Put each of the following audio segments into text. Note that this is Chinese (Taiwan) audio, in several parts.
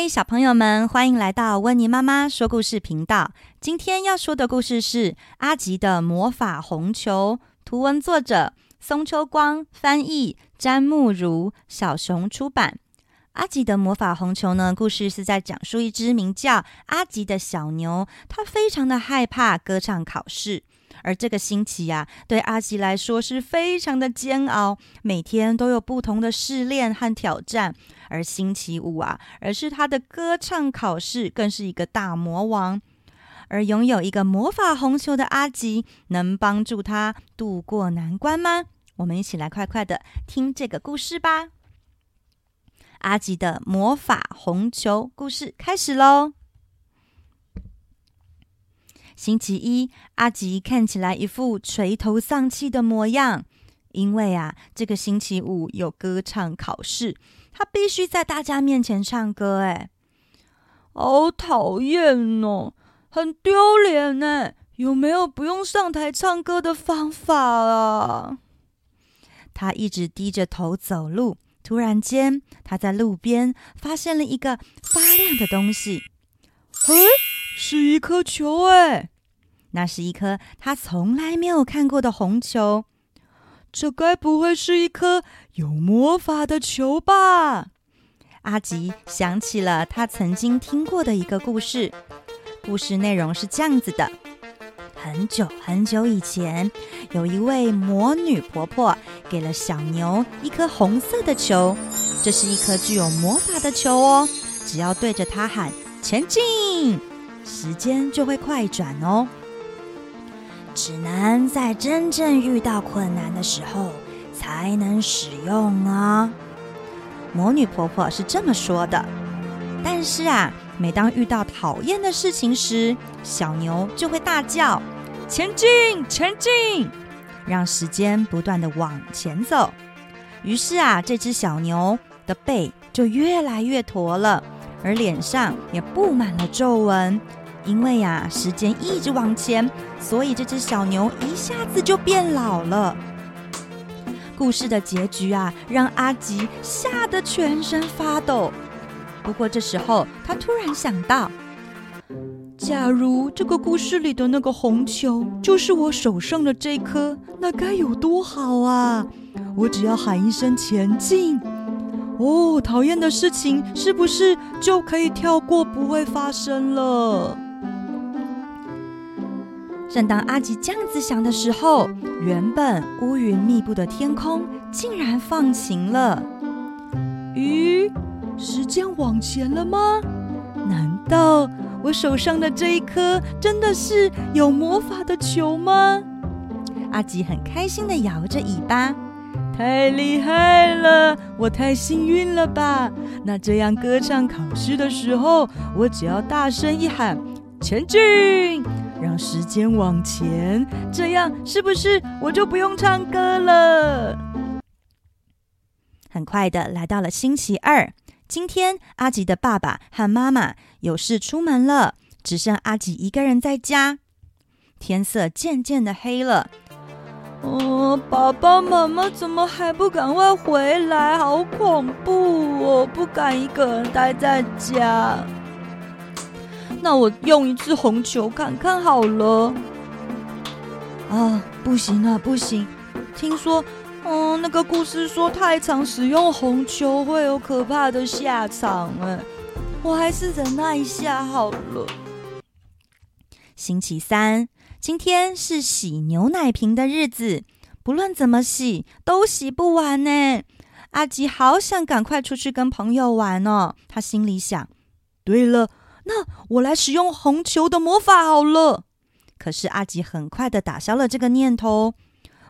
嗨，Hi, 小朋友們，歡迎來到溫妮媽媽說故事頻道。今天要說的故事是《阿吉的魔法紅球》，圖文作者松丘光，翻譯詹慕如，小熊出版。阿吉的魔法紅球呢？故事是在講述一隻名叫阿吉的小牛，它非常的害怕歌唱考試。而這個星期啊，對阿吉來說是非常的煎熬，每天都有不同的試煉和挑戰。而星期五啊，而是他的歌唱考試，更是一個大魔王。而擁有一個魔法紅球的阿吉，能幫助他度過難關嗎？我們一起來快快的聽這個故事吧。阿吉的魔法紅球，故事開始嘍！星期一，阿吉看起來一副垂頭喪氣的模樣，因為啊，這個星期五有歌唱考試，他必須在大家面前唱歌，哎，好討厭哦，很丟臉呢，有沒有不用上台唱歌的方法啊？他一直低着頭走路，突然間，他在路邊發現了一個發亮的東西，嘿。是一顆球哎，那是一顆他從來沒有看過的紅球。這該不會是一顆有魔法的球吧？阿吉想起了他曾經聽過的一個故事。故事內容是這樣子的：很久很久以前，有一位魔女婆婆給了小牛一顆紅色的球。這是一顆具有魔法的球哦，只要對着它喊“前進”。時間就會快轉哦，只能在真正遇到困難的時候才能使用啊。魔女婆婆是這麼說的。但是啊，每當遇到討厭的事情時，小牛就會大叫：“前進，前進！”讓時間不斷地往前走。於是啊，這只小牛的背就越來越駝了，而臉上也布滿了皺紋。因為呀、啊，時間一直往前，所以這隻小牛一下子就變老了。故事的結局啊，讓阿吉嚇得全身發抖。不過這時候，他突然想到，假如這個故事裡的那個紅球就是我手上的這顆，那該有多好啊！我只要喊一聲“前進”，哦，討厭的事情是不是就可以跳過，不會發生了？正當阿吉這樣子想的時候，原本烏雲密佈的天空竟然放晴了。咦，時間往前了嗎？難道我手上的這一顆真的是有魔法的球嗎？阿吉很開心地搖着尾巴，太厲害了！我太幸運了吧？那這樣歌唱考試的時候，我只要大聲一喊，前進！讓時間往前，這樣是不是我就不用唱歌了？很快的來到了星期二，今天阿吉的爸爸和媽媽有事出門了，只剩阿吉一個人在家。天色漸漸的黑了，嗯、哦，爸爸媽媽怎麼還不趕快回來？好恐怖哦，我不敢一個人待在家。那我用一次紅球看看好了。啊，不行啊，不行！聽說，嗯，那個故事說太常使用紅球會有可怕的下場哎。我還是忍耐一下好了。星期三，今天是洗牛奶瓶的日子，不論怎麼洗都洗不完呢。阿吉好想趕快出去跟朋友玩哦，他心裡想。對了。那我來使用紅球的魔法好了。可是阿吉很快的打消了這個念頭，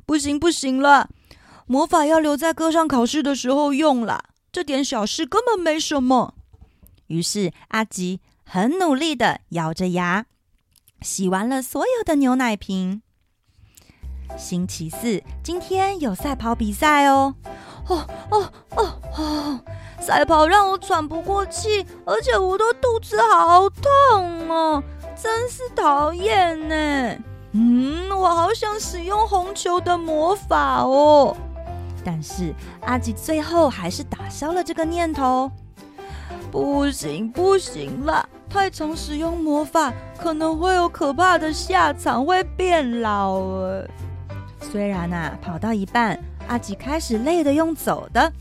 不行不行了，魔法要留在歌唱考試的時候用了，這點小事根本沒什麼。於是阿吉很努力的咬着牙洗完了所有的牛奶瓶。星期四，今天有賽跑比賽哦！哦哦哦哦！哦哦哦賽跑讓我喘不過氣，而且我的肚子好痛哦、啊，真是討厭呢。嗯，我好想使用紅球的魔法哦，但是阿吉最後還是打消了這個念頭。不行不行了，太常使用魔法可能會有可怕的下場，會變老、欸。雖然吶、啊，跑到一半，阿吉開始累得用走的。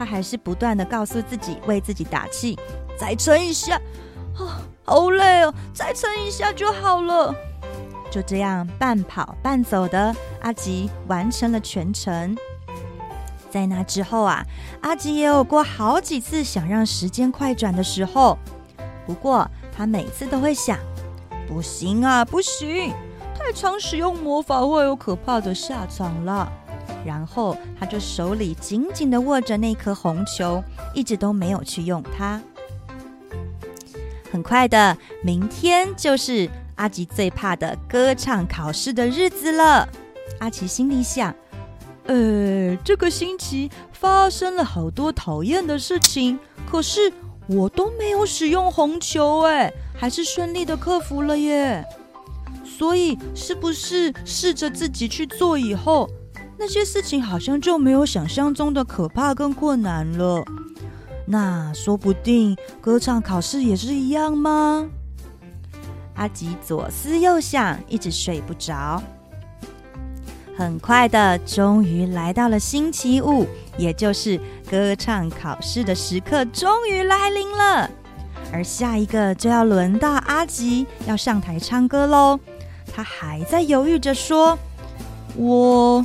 他還是不斷的告訴自己，為自己打氣，再撐一下，啊、哦，好累哦，再撐一下就好了。就這樣半跑半走的阿吉完成了全程。在那之後啊，阿吉也有過好幾次想讓時間快轉的時候，不過他每次都會想，不行啊，不行，太常使用魔法會有可怕的下場了。然後他就手裡緊緊的握着那顆紅球，一直都沒有去用它。很快的，明天就是阿吉最怕的歌唱考試的日子了。阿吉心裡想：“呃、欸，這個星期發生了好多討厭的事情，可是我都沒有使用紅球，誒，還是順利的克服了耶。所以，是不是試着自己去做以後？”那些事情好像就沒有想象中的可怕跟困難了，那說不定歌唱考試也是一樣嗎？阿吉左思右想，一直睡不着。很快的，終於來到了星期五，也就是歌唱考試的時刻，終於來臨了。而下一個就要輪到阿吉要上台唱歌嘍。他還在猶豫着說：“我……”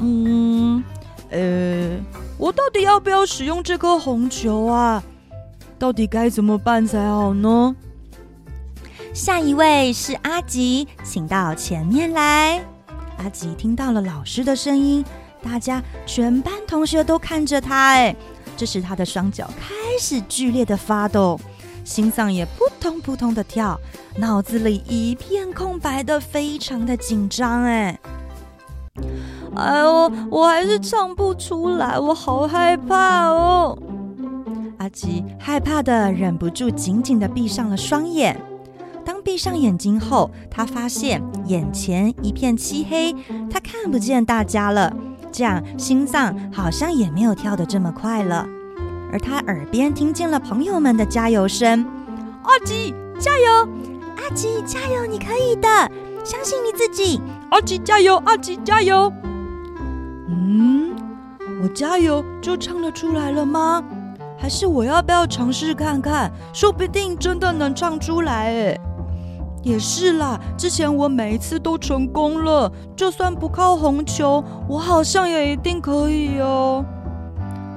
嗯，呃，我到底要不要使用這顆紅球啊？到底該怎麼辦才好呢？下一位是阿吉，請到前面來。阿吉聽到了老師的聲音，大家全班同學都看着他，哎，這時他的雙腳開始劇烈的發抖，心臟也撲通撲通的跳，腦子裡一片空白的，非常的緊張，哎。哎呦，我還是唱不出來，我好害怕哦！阿吉害怕得忍不住緊緊地閉上了雙眼。當閉上眼睛後，他發現眼前一片漆黑，他看不見大家了。這樣心臟好像也沒有跳得這麼快了，而他耳邊聽見了朋友們的加油聲：“阿吉加油，阿吉加油，你可以的，相信你自己。”阿吉加油，阿吉加油。嗯，我加油就唱得出來了嗎？還是我要不要嘗試看看？說不定真的能唱出來。欸，也是啦，之前我每一次都成功了，就算不靠紅球，我好像也一定可以哦。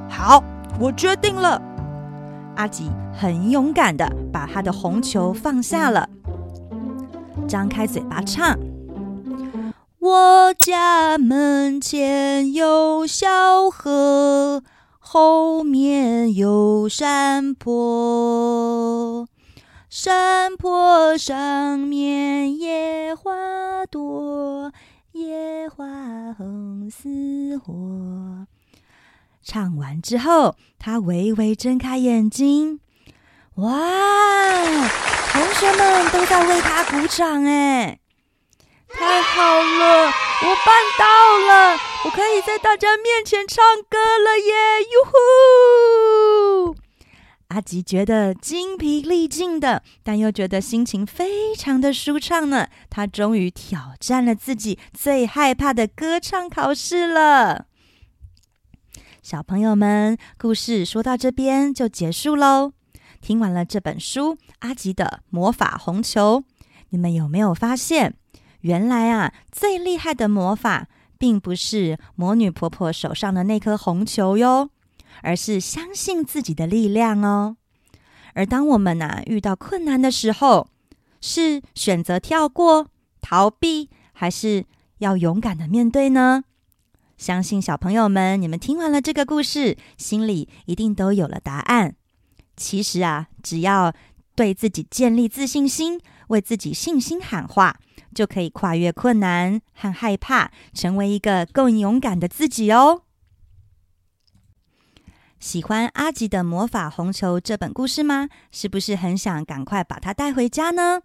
好，我決定了。阿吉很勇敢的把他的紅球放下了，張開嘴巴唱。我家門前有小河，後面有山坡，山坡上面野花多，野花紅似火。唱完之後，他微微睜開眼睛，哇，同學們都在為他鼓掌，欸，哎。太好了，我辦到了！我可以在大家面前唱歌了耶！喲呼！阿吉覺得精疲力盡的，但又覺得心情非常的舒暢呢。他終於挑戰了自己最害怕的歌唱考試了。小朋友們，故事說到這邊就結束嘍。聽完了這本書《阿吉的魔法紅球》，你們有沒有發現？原來啊，最厲害的魔法並不是魔女婆婆手上的那顆紅球喲，而是相信自己的力量哦。而當我們吶遇到困難的時候，是選擇跳過、逃避，還是要勇敢的面對呢？相信小朋友們，你們聽完了這個故事，心裡一定都有了答案。其實啊，只要對自己建立自信心，為自己信心喊話。就可以跨越困難和害怕，成為一個更勇敢的自己哦！喜歡阿吉的魔法紅球這本故事嗎？是不是很想趕快把它帶回家呢？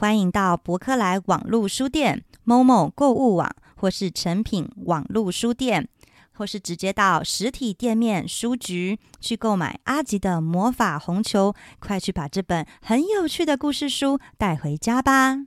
歡迎到博客來網絡書店、momo 購物網，或是誠品網絡書店，或是直接到實體店面書局去購買《阿吉的魔法紅球》。快去把這本很有趣的故事書帶回家吧！